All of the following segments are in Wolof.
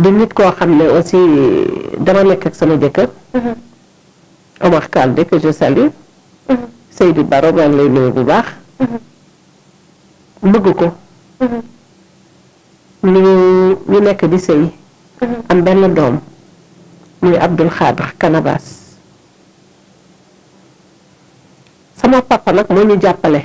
du nit koo xam ne aussi dama nekk ak sama jëkkër. Mm-hmm. Omar Kaldé que je salue. Mm-hmm. Seydou Baro maa ngi lay nuyu bu baax. Mm-hmm. bëgg ko. ñu ñu nekk di sëy. am benn doom. muy Abdul Xaadir Kanabas. sama papa nag moo ñu jàppale.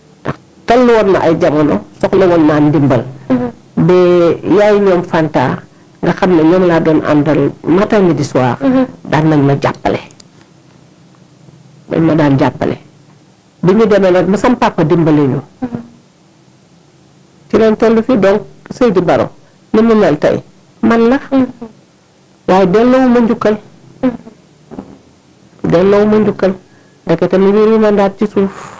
toll woon na ay jamono soxla woon naa ndimbal mhm. ba yaay ñoom Fanta nga xam ne ñoom laa doon àndal matin midi soir mhm. daan nañ ma jàppale dañ ma daan jàppale bi ñu demee nag ba sam papa dimbali ñu mhm. ci lañ toll fii donc Seydi Baro li mu mel tey man la waaye delloo ma njukkal delloo ma njukkal ndekete mi ngi rimandaat ci suuf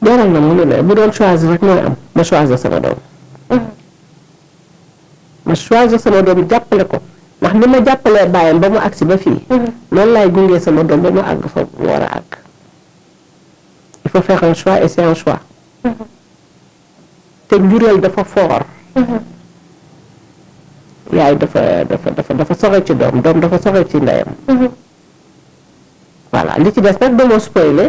Jarang namun nila. Budol siya sa sakna. Masyaza sa kadam. Masyaza sa madam jappala ko. ndax li ma jàppalee bàyyam ba mu agsi ba fii loolu laay gungee sama doom ba mu àgg fa war a àgg il faut faire un choix et c'est un choix te njureel dafa foor yaay dafa dafa dafa dafa soxe ci doom doom dafa soxe ci ndeyam voilà li ci des nag dama spoilé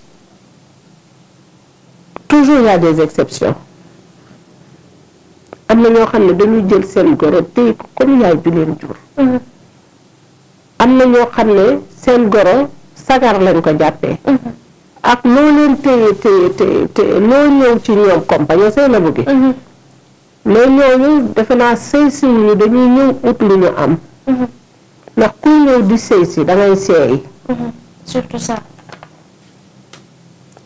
toujours il y a des exceptions am na ñoo xam ne dañuy jël seen goro téye ko comme yaay bi leen jur mm-hmm. am na ñoo xam ne seen goro sagar lañ ko jàppee mm-hmm. ak loo leen téye téye téye téye loo ñëw ci ñoom compagnon seen la bëgge mais ñooñu defe naa sëy si ñu dañuy ñëw ut lu ñu am mm-hmm. ndax kuy ñëw di sëy si ngay seey surtout ça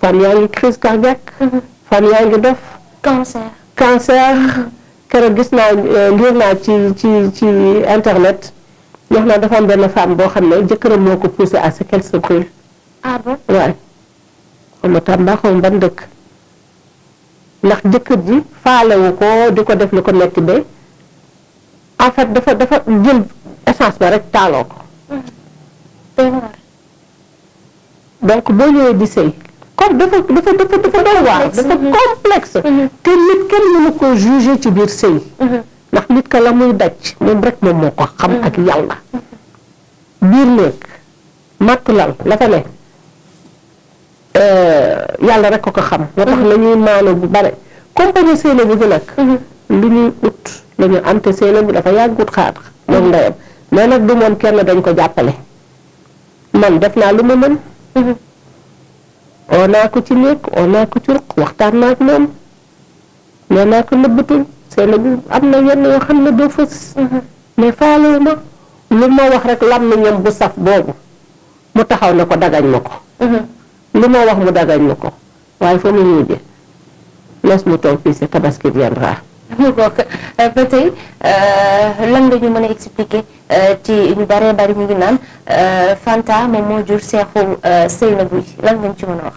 fan yaa ngi crise cardiaque mm-hmm. fan yaa ngi def cancer cancer mm-hmm. keroog gis naa euh, liir naa ci ci ci internet ñoo xam dafa am benn femme boo xam ne jëkkëram moo ko poussé à ce qu'elle se brûle waaye ah xam nga Tamba xaw dëkk ndax jëkkër ji faalewu ko di ko def lu ko metti ba en dafa dafa jël essence ba rek taaloo ko mm-hmm. donc boo ñëwee di sëy dafa dafa dafa doy waar dafa complexe te nit kenn mënu ko jugé ci biir sëy ndax nit ka la muy daj moom rek moom moo ko xam ak yàlla biir néeg matt lal la fa ne yàlla rek ko ko xam moo tax la ñuy maano bu bare compagnie séelé bi fi nag lu ñuy ut la ñu am te séelé bi dafa yàggut xaar moom ndeyam mais nag du moom kenn dañ ko jàppale man def naa lu ma mën oo naa ko ci lekk oo naa ko ci ruq waxtaan naa ak moom nee naa ko nëbbatul seen am na yenn yoo xam ne doo fës mhm. mais faalewu ma lu ma wax rek làmmiñam bu saf boobu mu taxaw na ko dagañ ma ko mhm. lu ma wax mu dagañ ma ko waaye fa mu mujje les mu toog fii si tabaski viendra euh, ba tey euh, lan nga ñu mën a expliquer euh, ci ñu bare bari ñu ngi naan Fanta moom moo jur seexu Seynabou lan nga ñu ci mën a wax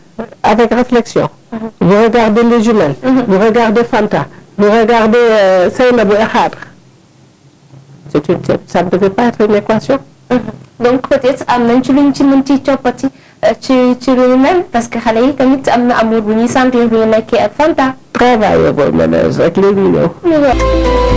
avec réflexion. Vous regardez les jumelles, mhm. vous regardez Fanta, vous regardez euh, Ça ne devait pas être une équation. Mhm. Donc peut-être un petit-petit petit parce que tamit am amour bu